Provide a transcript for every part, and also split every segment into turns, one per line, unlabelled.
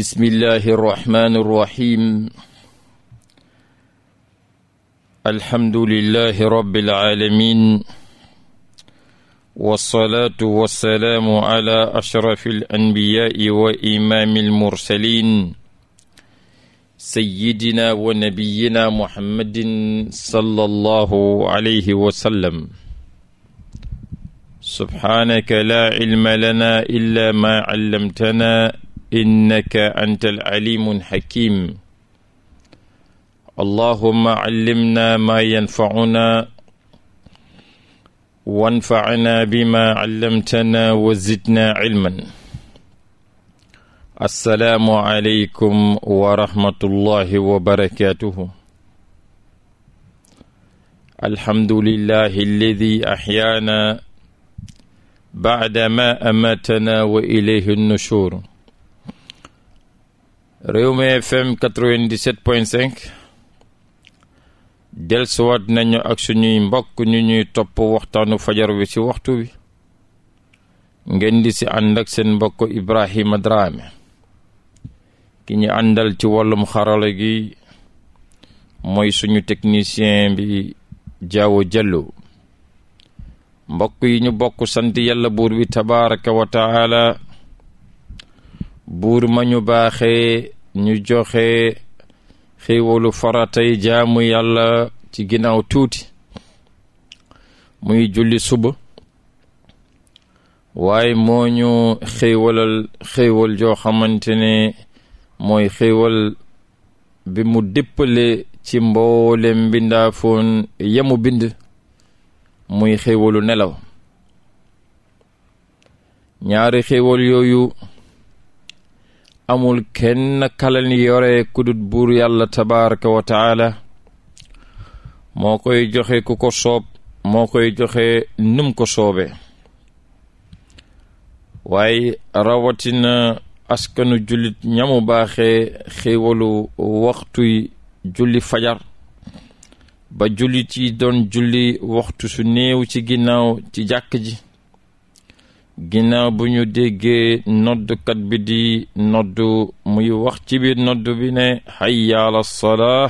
bismillahi irrahmani irrahim alhamdulilahi rabilaalamin walsalaatu walsalaamu ala ashrafi alanbiyaai wa imaami almursalin sayidina wa nabiyina muhammadin sala allahu alayhi wasallam subhaanaka laa cilma lana illa maa callamtana innaka anta alalimu alxakim allahuma callimna maa yanfacuna wanfacna bima callamtana wa zidna cilman assalaamu aleykum wa rahmatullahi wa barakatuhu alhamdulillahi alladi axyaana bacda ma amaatana wa ilayhi nushur réew Rewmi FM 97.5 dellusiwaat nañu ak suñuy mbokk ñu ñuy topp waxtaanu fajar wi ci waxtu wi ngeen di ci ànd seen mbokk Ibrahima Drame ki ñu àndal ci wàllum xarala gi mooy suñu technicien bi Jaawo Jallo mbokk yi ñu bokk sant yàlla buur bi tabaaraka wa buur ma ñu baaxee ñu joxe xéewalu faratay jaamu yàlla ci ginnaaw tuuti muy julli suba waaye moo ñu xéewalal xéewal joo xamante mooy xéewal bi mu dëppale ci mboolem mbindaafoon yamu bind muy xéewalu nelaw ñaari xéewal yooyu amul kenn kalan yore kudut buur yàlla tabaraka wa taala moo koy joxe ku ko soob moo koy joxe num ko soobe waaye rawatina askanu jullit ñamu baaxe xéewalu waxtuy julli fajar ba jullit yi doon julli waxtu su néew ci ginnaaw ci jàkk ji ginnaaw bu ñu déggee noddkat bi di noddu muy wax ci biir noddu bi ne hayya ala salaa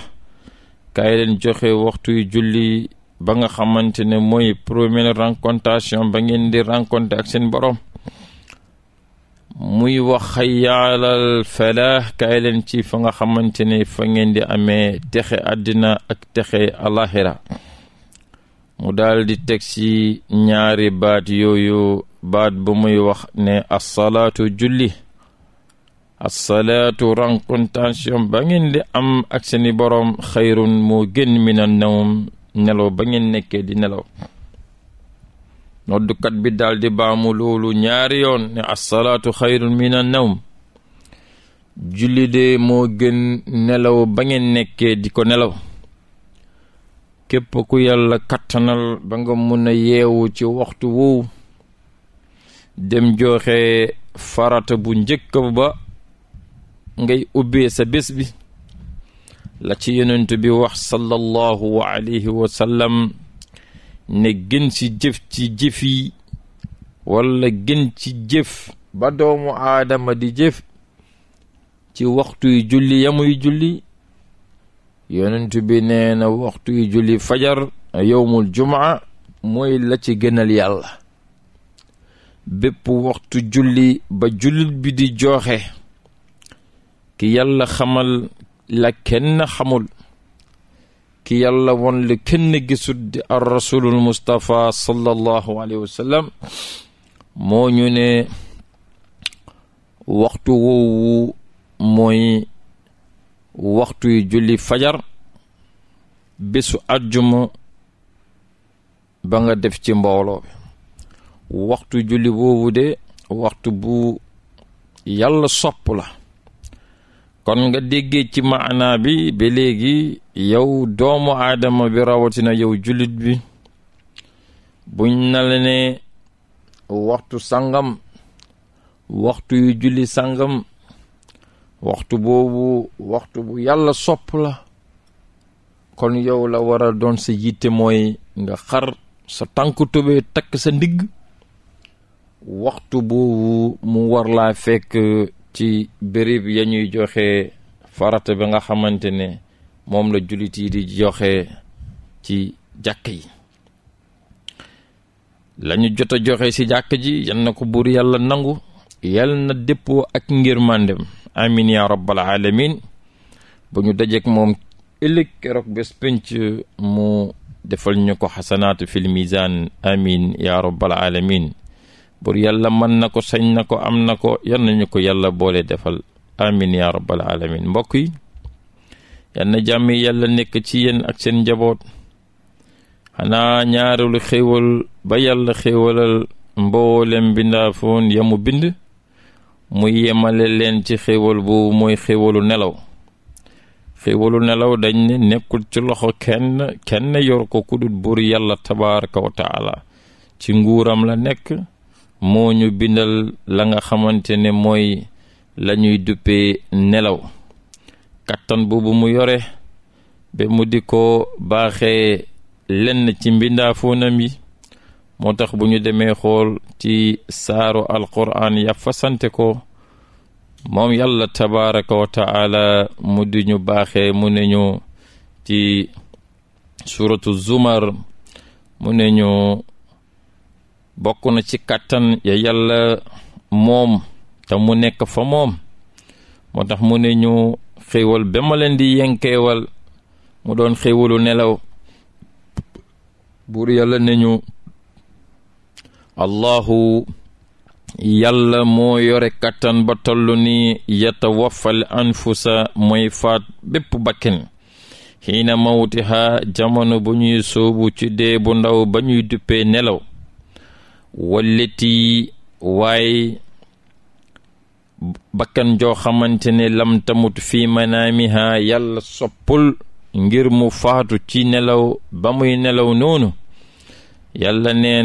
kaay leen joxe waxtu julli ba nga xamante ne mooy première rencontation ba ngeen di rencontre ak seen borom muy wax hayya alal falah kaay leen ci fa nga xamante ne fa ngeen di amee texe àddina ak texe alaxira mu daal di teg ci ñaari baat yooyu baat bu muy wax ne assalaatu julli assalaatu rencontation ba ngeen di am ak seeni boroom xayrun moo gën mina nawm nelaw ba ngeen nekkee di nelaw noddukat bi daldi di baamu loolu ñaari yoon ne assalaatu xayrun mina julli de moo gën nelaw ba ngeen nekkee di ko nelaw képp ku yàlla kattanal ba nga mun a yeewu ci waxtu woowu dem joxe farata bu njëkk ba ngay ubbee sa bés bi la ci yonent bi wax sallallahu alayhi wa ne gën ci ci jëf yi walla gën ci jëf ba doomu aadama di jëf ci waxtuy julli yamuy julli yonent bi nee na waxtuy julli fajar yowmul juma mooy la ci gënal yàlla bépp waxtu julli ba jullit bi di joxe ki yàlla xamal la kenn xamul ki yàlla won la kenn gisut di ar rasulul mustapha sallallahu alayhi moo ñu ne waxtu woowu mooy waxtu yu julli fajar bésu àjjuma ba nga def ci mbooloo bi waxtu julli boobu de waxtu bu yàlla sopp la kon nga déggee ci maanaa bi ba léegi yow doomu aadama bi rawatina yow jullit bi buñ na la ne julli sangam waxtu waxtu bu yàlla sopp la kon yow la war doon sa yitte mooy nga xar sa tànk tubee takk sa ndigg waxtu boobu mu war laa fekk ci béréb yañuy joxe farata bi nga xamante ne moom la jullit yi di joxe ci jàkk yi lañu jot a joxe ci jàkk ji yal na ko buur yàlla nangu yal na déppoo ak ngir màndem amin ya rabbal alamin bu ñu dajeek moom ëllëg keroog bés penc mu defal ñu ko xasanaatu fil mizaan amin ya rabbal alamin bur yàlla mën na ko sañ na ko am na ko yal nañu ko yàlla boole defal amin ya rabbal alamin mbokk yi yal na yàlla nekk ci yéen ak seen njaboot xanaa ñaareelu xéewal ba yàlla xéewalal mboolem bindaafoon yamu bind mu yemale leen ci xéewal boobu mooy xéewalu nelaw xéewalu nelaw dañ ne nekkul ci loxo kenn kenn yor ko kudut buur yàlla tabaaraka wa ci nguuram la nekk moo ñu bindal la nga xamante ne mooy lañuy ñuy nelaw kattan boobu mu yore ba mu di ko baaxee lenn ci mbindaafoonam yi moo tax bu ñu demee xool ci saaru alquran ya fasante ko moom yàlla tabaraka wa taala mu di ñu baaxee mu ne ñu ci suratu zumar mu ne ñu bokk na ci kattan ya yàlla moom ta mu nekk fa moom moo tax mu ne ñu xéewal ba ma leen di yenkeewal mu doon xéewalu nelaw buur yàlla ne ñu allahu yàlla moo yore kàttan ba toll ni yatawaffal anfusa moy faat bépp bakken xiina mawtiha jamono bu ñuy soobu ci dee bu ndaw ba ñuy duppee nelaw walliti waaye bakkan joo xamante ne lam tamut fii manaamiha yàlla soppul ngir mu faatu ci nelaw bamuy nelaw noonu yàlla nee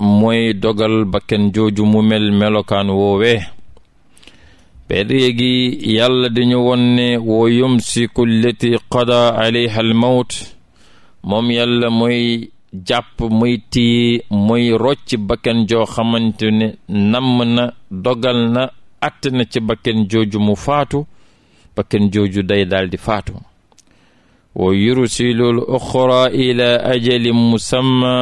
moy dogal bakkan jooju mu mel melokaan woowee pedre gi yàlla dañu won ne wa yumsiku allati mawt moom yàlla mooy jàpp muy moy muy rocc bakkan joo xamante ne namm na dogal na att ci bakkan jooju mu faatu bakkan jooju day daldi faatu wa yursilul uxra ila ajalin musamma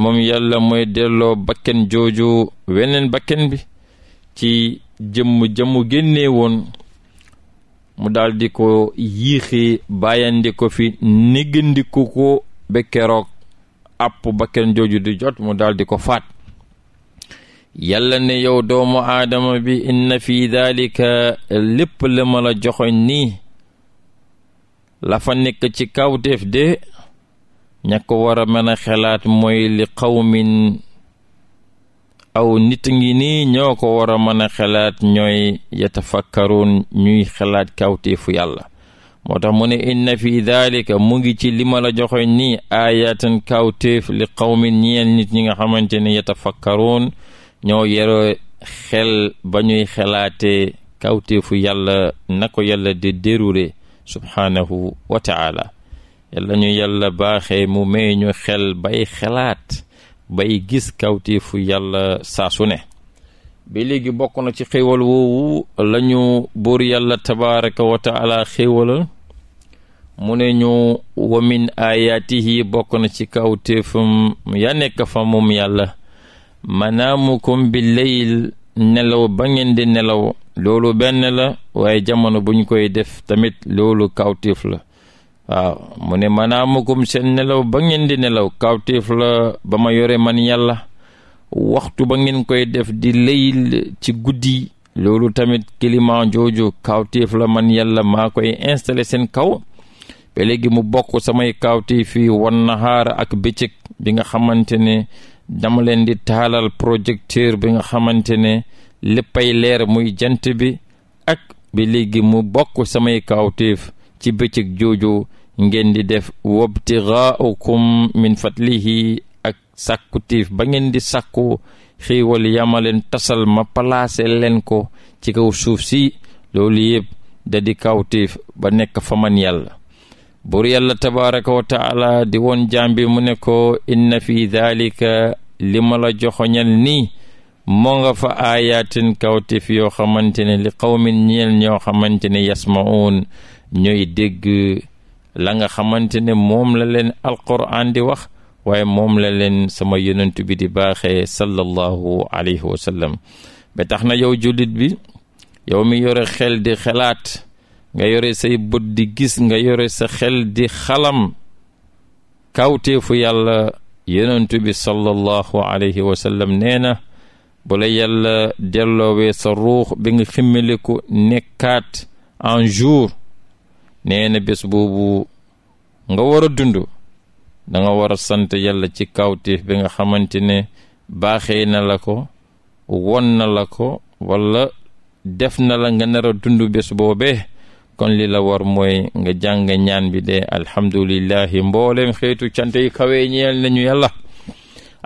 moom yàlla moy delloo bakkan jooju weneen bakkan bi ci jëmm jëmmu génnee woon mu daldi ko yiixi bàyyandi ko fi néggandiku ko ba keroog àpp ba jooju di jot mu daal di ko faat yàlla ne yow doomu aadama bi inna fi daalika lépp la ma la joxoñ nii la fa nekk ci kawteef de ña ko war a mën a xelaat mooy li xawmin aw nit ngi nii ñoo ko war a mën a xelaat ñooy yatafakkaroon ñuy xelaat kawteefu yàlla moo tax mu ne inna fi daalika mu ngi ci li ma la joxoñ nii aayatan kawtéef li qawmin ñeen nit ñi nga xamante ne yatafakkaroon ñoo yero xel ba ñuy xelaatee kawtéefu yàlla na ko yàlla di déroulé subhaanahu wa taala yàlla ñu yàlla baaxee mu may ñu xel bay xelaat bay gis kawtéefu fu saa su ne ba léegi na ci xéewal woowu la ñu buur yàlla tabaraka wa taala xéewalal mu ne ñu wa min yi bokk na ci kawtéefam ya nekk fa moom yàlla manaamukum bi leyl nelaw ba ngeen di nelaw loolu benn la waaye jamono bu ñu koy def tamit loolu kawtéef la waaw mu ne manaamukum seen nelaw ba ngeen di nelaw kawtéef la ba ma yore man yàlla waxtu ba ngeen koy def di leyl ci guddi loolu tamit kilima jooju kawtéef la man yàlla maa koy installé seen kaw léegi mu bokk samay kawti fii wan nahaara ak bëccëg bi nga xamante ne dama leen di taalal projecteur bi nga xamante ne léppay leer muy jant bi ak bi léegi mu bokk samay kawteef ci bëccëg jooju ngeen di def wabtigaukum min yi ak sàkkuteef ba ngeen di sàkku xiiwal yama leen tasal ma palaase leen ko ci kaw suuf si loolu yëpp da di kawteef ba nekk fa man yàlla buur yàlla tabaraka wa taala di woon jàmbi mu ne ko inna fi daalika li ma la joxoñal nii moo nga fa aayaatin kawtif yoo xamante ne li qawmin ñeel ñoo xamante ne yasma'uun ñooy dégg la nga xamante ne moom la leen alquran di wax waaye moom la leen sama yonent bi di baaxee sallallahu alayhi wa sallam tax na yow jullit bi yow mi yore xel di xelaat nga yore say bët di gis nga yore sa xel di xalam kawteefu yàlla yonent bi sallallahu alayhi wa nee na bu yàlla delloowee sa ruux bi nga ximmiliku nekkaat en jour nee na bés boobu nga war a dund da nga war a sant yàlla ci kawteef bi nga xamante ne baaxee na la ko won na la ko walla def na la nga nar a dund bés kon li la war mooy nga jàng ñaan bi de alhamdulillahi mboolem xeetu cant yi kawe nañu yàlla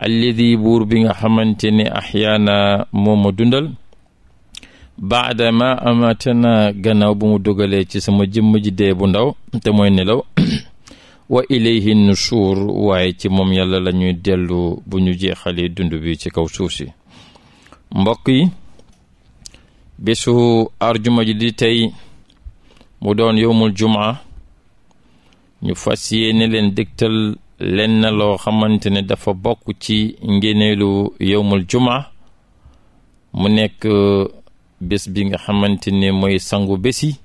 alladi buur bi nga xamante ne axyaana moo ma dundal baadama ma amatana gannaaw bu mu dogalee ci sama jëmm ji dee bu ndaw te mooy nelaw wa ilayhi nusuur waaye ci moom yàlla lañuy ñuy dellu bu ñu jeexalee dund bi ci kaw suuf si mbokk yi di tey mu doon yowmul jumaa ñu fas yéene leen dégtal len na loo xamante ne dafa bokk ci ngéneelu yowmul jumaa mu nekk uh, bés bi nga xamante ne mooy sangu bési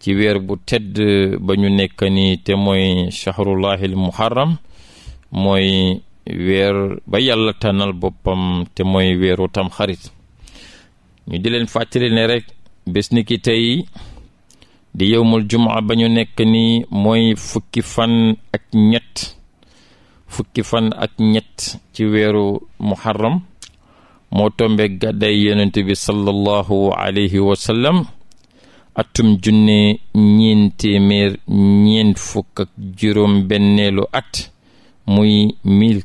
ci weer bu tedd ba ñu nekk ni te mooy chahrullahil muharram mooy weer ba yàlla tànnal boppam te mooy weeru tam ñu di leen fàttali ne bés ni ki tey di yowmul jumaa ba ñu nekk ni mooy fukki fan ak ñett fukki fan ak ñett ci weeru muharram moo tombe gàdday yonent bi sallallahu alayhi wa sallam atum junne ñeent téeméer ñeent fukk ak juróom benneelu at muy mille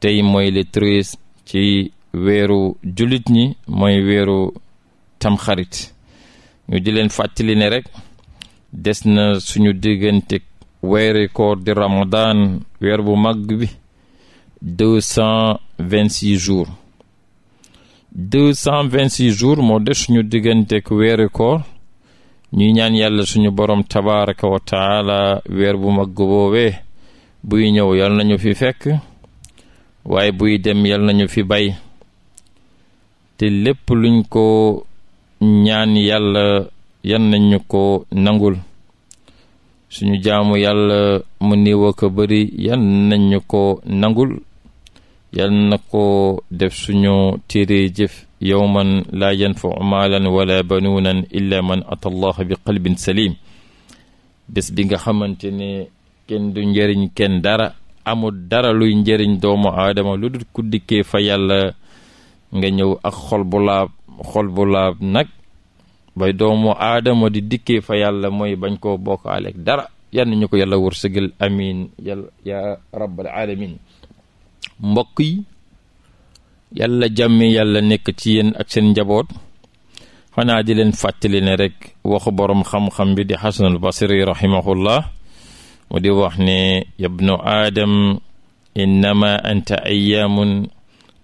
tey mooy le ci weeru jullit ñi mooy weeru tamxarit ñu di leen fàttali ne rek des na suñu diggante weeri koor di ramadan weer bu mag bi deux cent vingt six jours moo des suñu digganteeg weeri koor ñuy ñaan yàlla suñu borom tabaraka wa taala weer bu mag boobee buy ñëw yal nañu fi fekk waaye buy dem yal nañu fi bay te lépp luñ ko ñaan yàlla yan nañu ko nangul suñu jaamu yàlla mu néew ak a bëri yan nañu ko nangul yan na ko def suñu téere jëf yowman laa yanfau maalan wala banuunan illa man ata allaha bi qalbin salim bés bi nga xamante ne kenn du njëriñ kenn dara amul dara luy njëriñ doomu aadama lu dul ku fa yàlla nga ñëw ak xol bu laab xol bu nag bay doomu aadama di dikkee fa yàlla mooy bañ koo bokkaaleeg dara yal ñu ko yàlla wërsëgal amiin yàlla rabbal aalamiin mbokk yi yàlla jàmmi yàlla nekk ci yéen ak seen njaboot xanaa di leen fàttali ne rek waxu boroom xam-xam bi di xasanul basri rahimahullah mu di wax ne yabnu aadam innama anta ayyaamun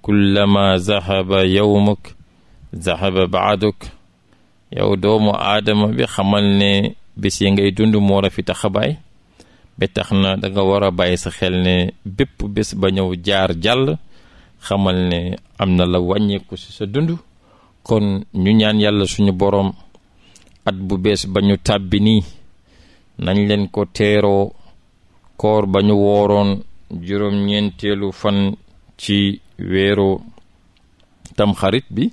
kullama zahaba yawmuk zahaba baaduk yow doomu aadama bi xamal ne bés yi ngay dund moo rafet a xabaay ba tax na danga nga war a bàyyi sa xel ne bépp bés ba ñëw jaar jàll xamal ne am na la wàññeeku ci sa dund kon ñu ñaan yàlla suñu boroom at bu bés ba ñu tàbbi nii nañ leen ko teeroo koor ba ñu wooroon juróom-ñeenteelu fan ci weeru tamxarit bi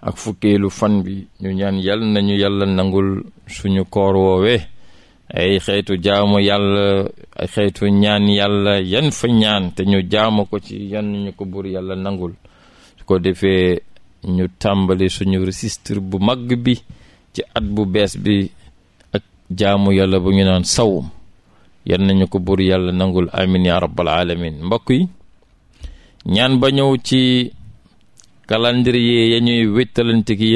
ak fukkeelu fan bi ñu ñaan yàlla nañu yàlla nangul suñu koor woowee ay xeetu jaamu yàlla ay xeetu ñaan yàlla yan fa ñaan te ñu jaamu ko ci yan ñu ko buur yàlla nangul su ko defee ñu tàmbali suñu registre bu mag bi ci at bu bees bi ak jaamu yàlla bu ñu naan sawum yan nañu ko buur yàlla nangul amin ya rabbal alamin mbokk yi ñaan ba ñëw ci calendrier ya ñuy wéttalante ki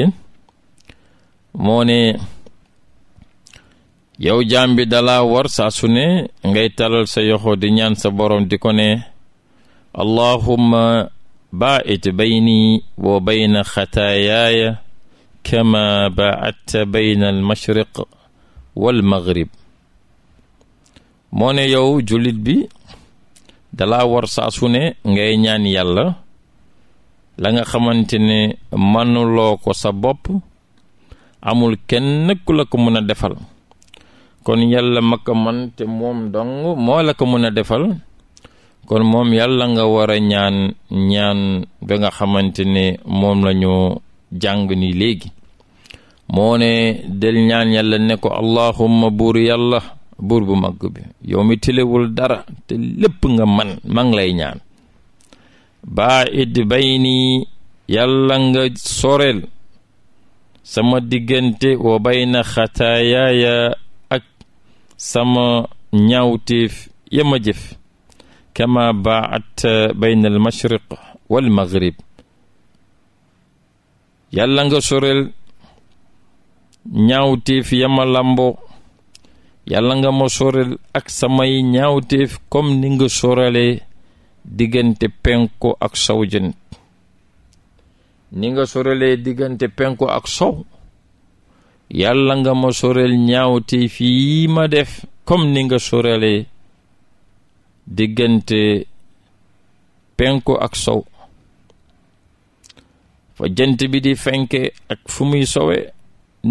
moo ne yow jaam bi dala war saa su ngay talal sa yoxo di ñaan sa borom di ko ne allahumma baa'it bayni wa bayna xataayaaya kama baa'atta bayna almashriq walmaghrib moo ne yow jullit bi dala war saa su ne ngay ñaan yàlla la nga xamante ne manuloo ko sa bopp amul kenn ku la ko mën a defal kon yàlla ma ko man te moom dong moo la ko mën a defal kon moom yàlla nga war a ñaan ñaan ba nga xamante ni moom la ñu jàng ni léegi moo ne del ñaan yàlla ne ko allahumma buur yàlla buur bu mag bi yow mi tilewul dara te lépp nga man maa lay ñaan baa baid bayni yàlla nga soreel sama diggante wa bayna xataayaaya ak sama ñaawteef ya jëf kama baat bayna al mashriq wal maghrib yàlla nga soreel ñaawteef ya ma làmboo yàlla nga ma soreel ak samay ñaawteef comme ni nga sorelee diggante penko ak sow jant ni nga sorelee diggante penko ak sow yàlla nga ma sorel ñaawte fii ma def comme ni nga sorelee diggante penko ak sow fa jant bi di fenke ak fu muy soowe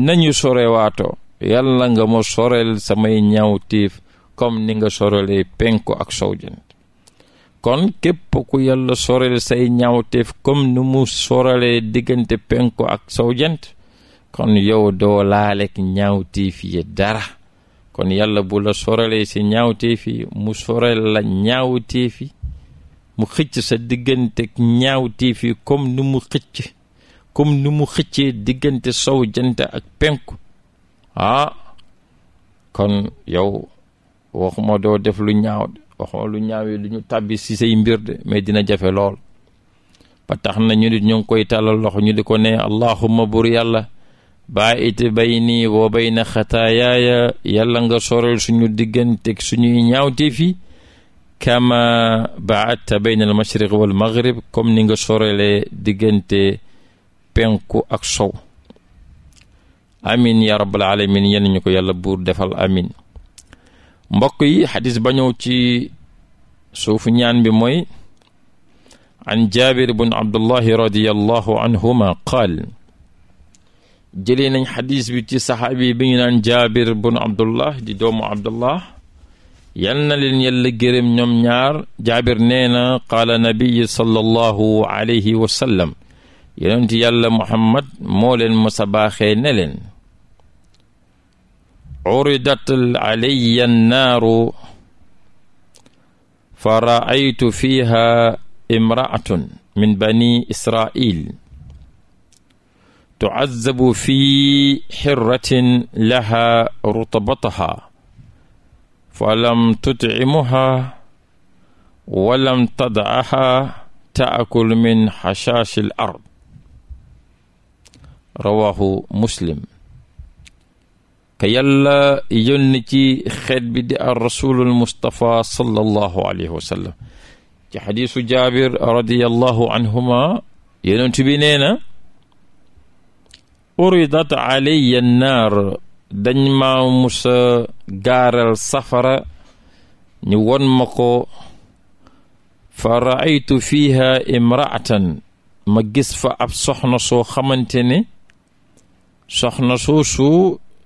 nañu sorewaato yàlla nga ma sorel samay ñaawteef comme ni nga sorelee penko ak sow jën kon képp ku yàlla sorel say ñaawteef comme nu mu soralee diggante penku ak sow kon yow doo laalek ñaawteef yi dara kon yàlla bu la soralee si ñaawteef yi mu sorel la ñaawteef yi mu xëcc sa diggante ñaawteef yi comme nu mu xëcc comme nu mu xëccee diggante sow jant ak penku ah kon yow waxuma doo def lu ñaaw waxuma lu ñaawee lu ñu tàbbi si say mbir de mais dina jafe lool ba tax na ñu nit ñu koy tàllal loxo ñu di ko ne allahumma bur yàlla baa'it bayni wa bayna xataayaaya yàlla nga sorel suñu diggante suñuy ñaawte fi kama ba'atta bayna al mashriq wal maghrib comme ni nga sorelee diggante penku ak sow amin ya rabbal alamin yenn ñu ko yàlla buur defal amin mbokk yi xadis ba ñëw ci suufu ñaan bi mooy an jaabir bun abdullahi radiallahu anhuma qaal jëlee nañ xadis bi ci saxaabi bi ñu naan jaabir bun abdullah di doomu abdullah yal na leen yàlla gërëm ñoom ñaar jaabir nee na qaala nabiyi sallallahu alayhi wa sallam yàlla muhammad moo leen masa baaxee ne leen uridat alayya annaaru fa raaytu fiha imraatun min bani israil tuazzabu fi xirratin laha rutabataha falam tutcimuha walam tadaaha taakul min xashaashi al ard rawahu muslim ka yàlla yónni ci xeet bi di ar rasulul mustapha sallallahu alayhi wa sallam ci xadiisu jaabir radiallahu anhuma yonent bi nee na uridat alayya naar dañ maa musa gaaral safara ñu won ma ko fa raaytu fiiha imraatan ma gis fa ab soxna soo xamante ne soxna soosu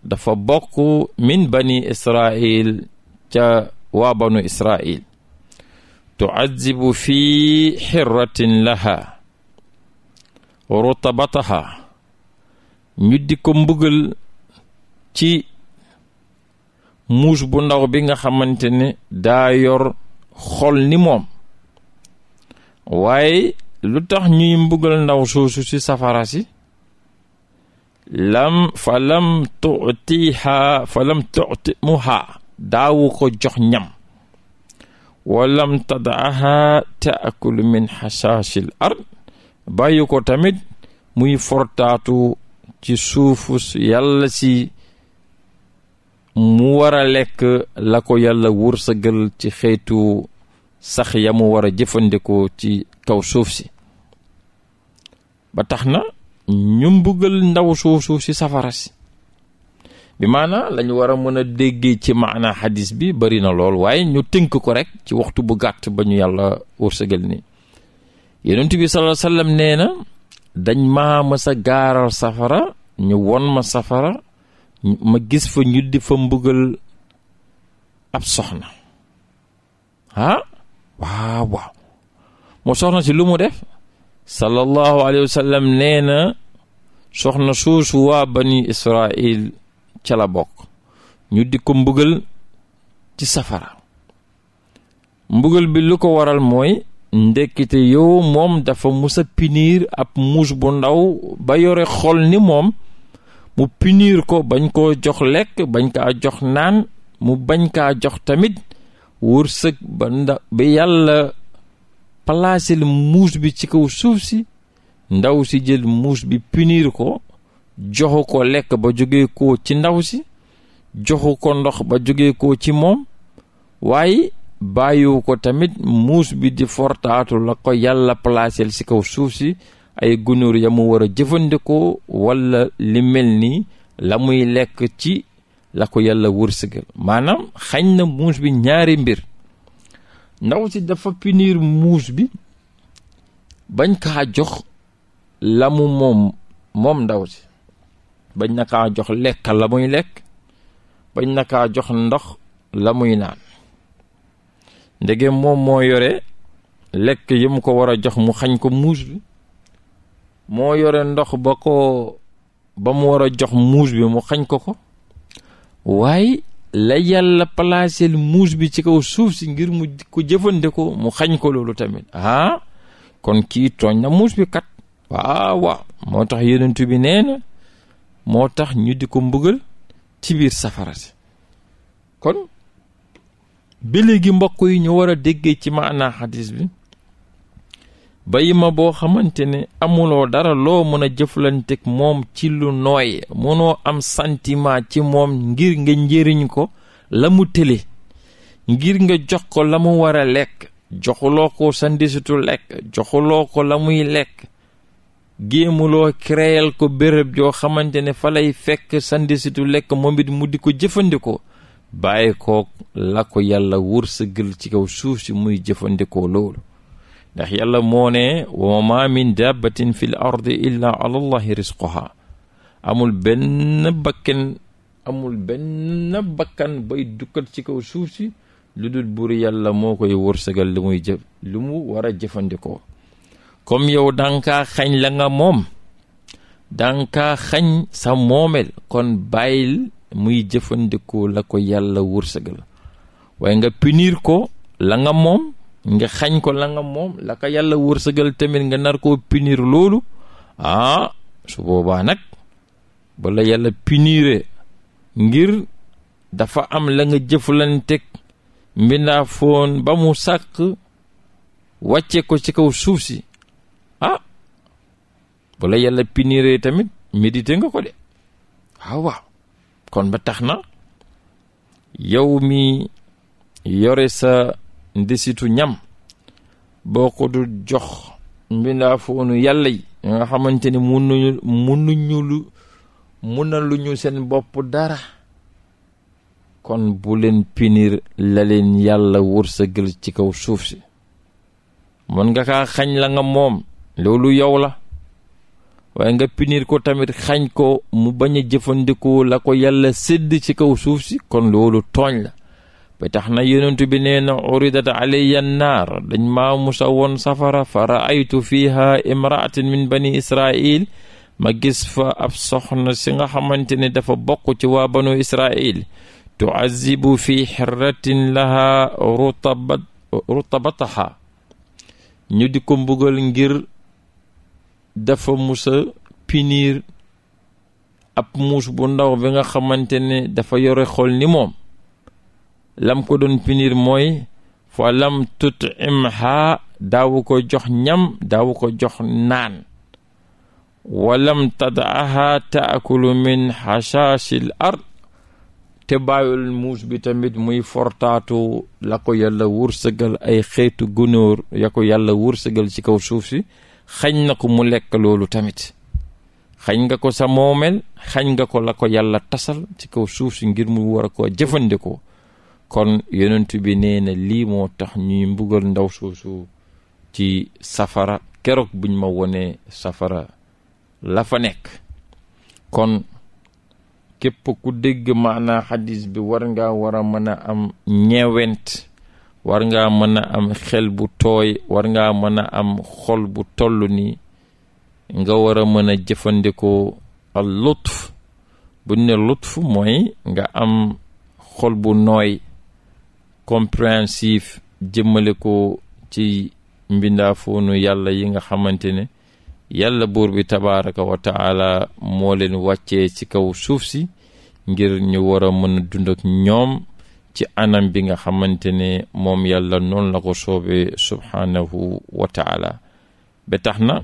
dafa bokk min bani israil ca waa banu israil tuazibu fi xirratin laha rutabataha ñu di ko mbugal ci muus bu ndaw bi nga xamante ne daa yor xol ni moom waaye lu tax ñuy mbugal ndaw soosu ci safara si lam fa lam tutiha fa lam tutimuha daawu ko jox ñam walam tadaaha taakulu min xasaasil ard bàyyi ko tamit muy fortaatu ci suufu yàlla si mu war a lekk la ko yàlla wërsëgal ci xeetu sax ya mu wara jëfandikoo ci kaw suuf si ba tax na ñu mbugal ndaw suuf suuf si safara si bi maana lañu war a mën a déggee ci maana xadis bi bari na lool waaye ñu tënk ko rekk ci waxtu bu gàtt ba ñu yàlla sëgal ni yonent bi sallallahu alayhi nee na dañ maa mës a safara ñu won ma safara ma gis fa ñu di fa mbugal ab soxna ah waaw waaw moo soxna si lu mu def sallallahu alayhi wa nee na soxna suusu waa bani israil ca la bokk ñu di ko mbugal ci safara mbugal bi lu ko waral mooy ndekkite yow moom dafa musa piniir ab muus bu ndaw ba yore xol ni moom mu piniir ko bañ koo jox lekk bañ kaa jox naan mu bañ kaa jox tamit wërsëg ba nda ba yàlla palaasel muus bi ci kaw suuf si ndaw si jël muus bi piniir ko joxu ko lekk ba jóge ko ci ndaw si joxu ko ndox ba jóge ko ci moom waaye bàyyiwu ko tamit muus bi di fortaatu la ko yàlla palaasel ci kaw suuf si ay gunóor ya mu war a jëfandikoo walla li mel ni la muy lekk ci la ko yàlla wërsëgal maanaam xañ na muus bi ñaari mbir ndaw si dafa punir muus bi bañ kaa jox la mu moom moom ndaw si bañ na kaa jox lekka la muy lekk bañ na kaa jox ndox la muy naan ndege moom moo yore lekk yi mu ko war a jox mu xañ ko muus bi moo yore ndox ba ko ba mu war a jox muus bi mu xañ ko ko waaye la yàlla palaaseel muus bi ci kaw suuf si ngir mu ko jëfandikoo mu xañ ko loolu tamit ah kon kii tooñ na muus bi kat waaw moo tax yonent bi nee moo tax ñu di ko mbugal ci biir safara si kon ba léegi mbokk yi ñu war a déggee ci maanaa xadis bi bay ma boo xamante ne amuloo dara loo mën a jëflanteeg moom ci lu nooy mënoo am santiment ci moom ngir nga njëriñ ko la mu tële ngir nga jox ko la mu war a lekk joxuloo ko sa lekk joxuloo ko la muy lekk géemuloo créel ko béréb joo xamante ne fa lay fekk sa lekk moom it mu di ko jëfandikoo bàyyi ko la ko yàlla wërsëgal ci kaw suuf si muy jëfandikoo loolu ndax yàlla moo ne wa ma min dabbatin fi l ardi illa ala allahi risquha amul benn bakken amul benn bakkan bay dukkat ci kaw suuf si lu dul buur yàlla moo koy wërsëgal lu muy jëf lu mu war a jëfandikoo comme yow dankaa xañ la nga moom dankaa xañ sa moomeel kon bàyyil muy jëfandikoo la ko yàlla wërsëgal waaye nga punir ko la nga moom nga xañ ko la nga moom la ko yàlla wërsëgal tamit nga nar koo punir loolu ah su boobaa nag bala yàlla punire ngir dafa am la nga jëflanteeg mbindaa foon ba mu sàkk wàcce ko ci kaw suuf si ah bala yàlla punire tamit médité nga ko de waaw ah, waaw kon ba tax na yow mi yore sa ndesitu ñam boo ko dul jox mbindaa yàlla yi nga xamante ni munuñu munuñu lu munaluñu seen bopp dara kon bu leen pinir la leen yàlla wërsëgal ci kaw suuf si mën nga kaa xañ la nga moom loolu yow la waaye nga pinir ko tamit xañ ko mu bañ a jëfandikoo la ko yàlla sedd ci kaw suuf si kon loolu tooñ la ba tax na yonent bi nee na uridat alayya naar dañ maa musa woon safara fa raaytu fiiha imraatin min bani israil ma gis fa ab soxna si nga xamante ne dafa bokk ci waa banu israil tuazibu fi xirratin laha rutabat rutabataha ñu di ko mbugal ngir dafa musa pinir ab muus bu ndaw bi nga xamante ne dafa yore xol ni moom lam ko doon pinir mooy fa lam tut im ha daawu ko jox ñam daawu ko jox naan walam tadaaha taakulu min xasaashil ard te bàyyul bi tamit muy fortaatu la ko yàlla wërsëgal ay xeetu gunóor ya ko yàlla wërsëgal ci kaw suuf si xañ na ko mu lekk loolu tamit xañ nga ko sa xañ nga ko la ko yàlla tasal ci kaw suuf si ngir mu war a koo jëfandikoo kon yonent bi nee na lii moo tax ñuy mbugal ndaw soosu ci safara keroog buñ ma wonee safara la fa nekk kon képp ku dégg maanaa xadis bi war nga war a mën a am ñeewent war ngaa mën a am xel bu tooy war ngaa mën a am xol bu toll ni nga war a mën a jëfandikoo al lutf buñ ne lutf mooy nga am xol bu nooy compréhensif jëmmale ko ci mbindaafoonu yàlla yi nga xamante ne yàlla buur bi tabaaraka wa taala moo leen wàccee ci kaw suuf si ngir ñu war a mën a dund ñoom ci anam bi nga xamante ne moom yàlla noonu la ko soobee subhaanahu wa taala tax na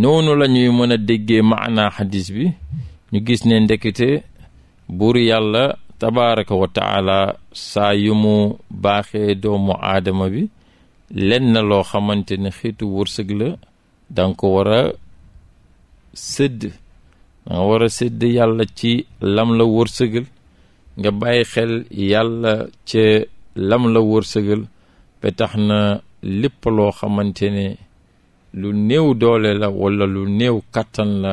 noonu la ñuy mën a déggee maanaa xadis bi ñu gis ne ndekete buur yàlla tabaaraka wa saa yu mu baaxee doomu aadama bi lenn loo xamante ne xeetu wërsëg la danga ko war a sëdd danga war a sëdd yàlla ci lam la wërsëgal nga bàyyi xel yàlla ci lam la wërsëgal ba tax na lépp loo xamante ne lu néew doole la walla lu néew kàttan la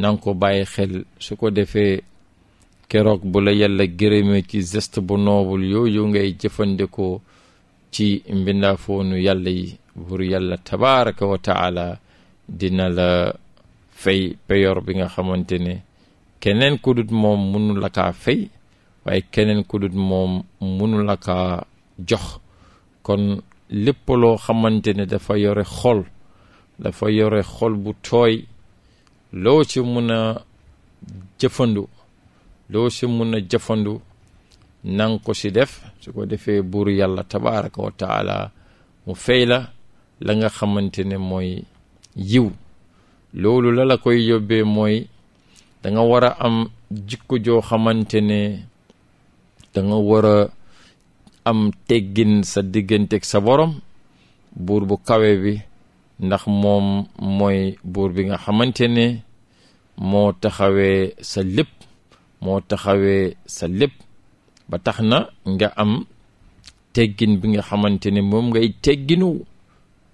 nanga ko bàyyi xel su ko defee keroog bu la yàlla gërëmee ci gest bu noobul yooyu ngay jëfandikoo ci mbindaafoonu yàlla yi buur yàlla tabaraka wa dina la fay peyor bi nga xamante ne keneen ku moom munu la kaa fay waaye keneen ku moom munu la kaa jox kon lépp loo xamante ne dafa yore xol dafa yore xol bu tooy loo ci mun a jëfandu loo si mun a jëfandu nang ko si def su ko defee buur yàlla tabaraka wa taala mu fay la la nga xamante ne mooy yiw loolu la la koy yóbbee mooy da nga war a am jikko joo xamante ne da nga war a am teggin sa digganteeg sa borom buur bu kawe bi ndax moom mooy buur bi nga xamante ne moo taxawee sa lépp moo taxawee sa lépp ba tax na nga am teggin bi nga xamante ne moom ngay tegginu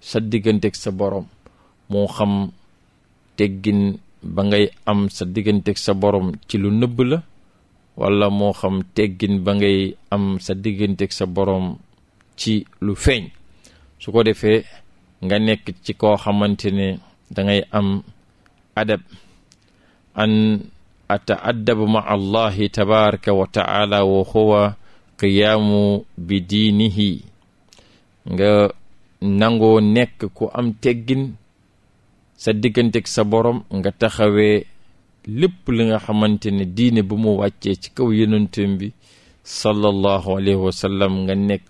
sa digganteeg sa boroom moo xam teggin ba ngay am sa digganteeg sa borom ci lu nëbb la wala moo xam teggin ba ngay am sa digganteeg sa borom ci lu feeñ su ko defee nga nekk ci koo xamante ne dangay am adab an ataaddabu ma allahi tabaraka wa taala wa huwa qiyaamu bi diinihi nga nangoo nekk ko am teggin sa digganteeg sa borom nga taxawe lépp li nga xamante ne diine bu mu wàccee ci kaw yonentam bi sallallahu alayhi wa nga nekk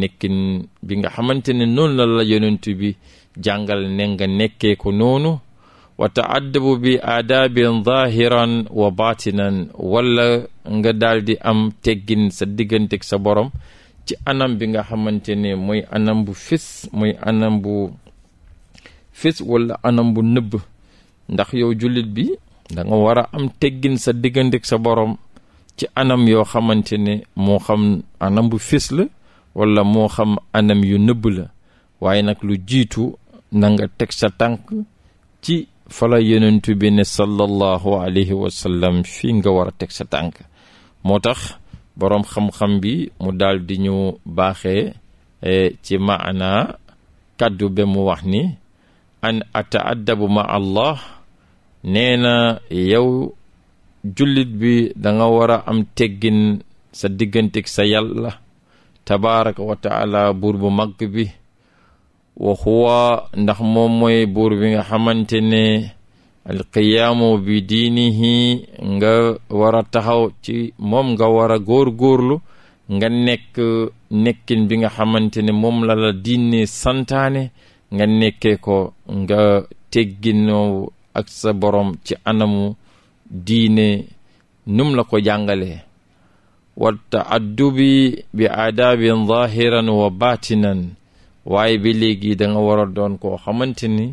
nekkin bi nga xamante ne noonu la la yonent bi jàngal ne nga nekkee ko noonu wa taaddabu bi aadaabin zaahiran wa baatinan wala nga daldi am teggin sa digganteeg sa borom ci anam bi nga xamante ne mooy anam bu fis mooy anam bu fis wala anam bu nëbb ndax yow jullit bi danga nga war a am teggin sa digganteeg sa borom ci anam yoo xamante ne moo xam anam bu fis la wala moo xam anam yu nëbb la waaye nag lu jiitu nanga teg sa tànk ci fala yonentu bi ne sallallahu alayhi wa fii nga war a teg sa tànk moo tax boroom xam-xam bi mu daal di ñu baaxee eh, ci maana kàddu ba mu wax ni an ataaddabu ma allah nee na yow jullit bi danga war a am teggin sa diggantek sa yàlla tabaraka wa taala buur bu mag bi wa huwa ndax moom mooy buur bi nga xamante ne alqiyaamu bi diinihi nga war a taxaw ci moom nga war a góor-góorlu nga nekk nekkin bi nga xamante ne moom la la diine santaane nga nekke ko nga tegginoo ak sa borom ci anamu diine num la ko jàngalee wa taaddubi bi aadaabin zahiran wa baatinan waaye bi léegi danga war a doon koo xamante ni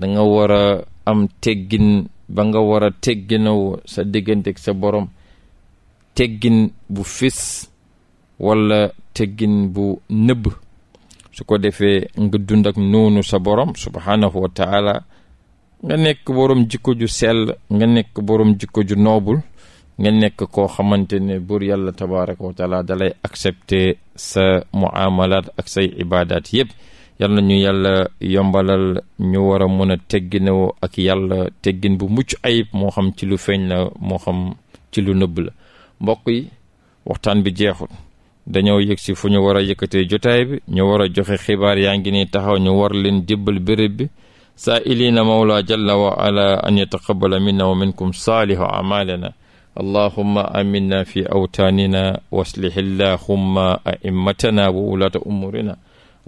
da war a am teggin ba nga war a tegginawoo sa diggante ak sa borom teggin bu fis walla teggin bu nëbb su ko defee nga dund ak noonu sa borom subhaanahu wa taala nga nekk borom jikko ju sell nga nekk borom jikko ju noobul nga nekk koo xamante ne buur yàlla tabaraka wa taala dalay accepter sa muamalat ak say ibadat yëpp yalla na ñu yàlla yombalal ñu war a mën a tegginewoo ak yàlla teggin bu mucc ayib moo xam ci lu feeñ la moo xam ci lu nëbb la mbokk yi waxtaan bi jeexul dañoo yëg si fu ñu war a yëkkatee jotaay bi ñu war a joxe xibaar yaa ngi nii taxaw ñu war leen dibbal béréb bi saa ilina mawla jalla wa ala an yataqabala minna wa minkum saalihu amalina allahuma aminna fi awtaanina w aslih illahumma aimmatana wa wulaata umuurina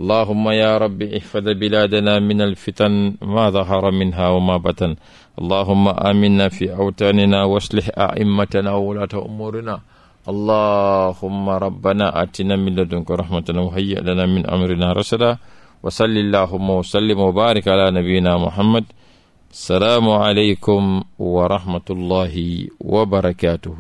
allahuma ya rabbi ihfad bilaadana min alfitan ma dahara minha wa ma batan allahuma aminna fi awtaanina w aslih aimmatana wa wulaata umuurina allahuma rabbana atina min ladunka rahmatan wa hayyi lana min amrina rashada wa salli allahuma wa sallim wa baarik ala nabiyina muhammad salaamu aleykum wa rahmatullahi wa barakaatuhu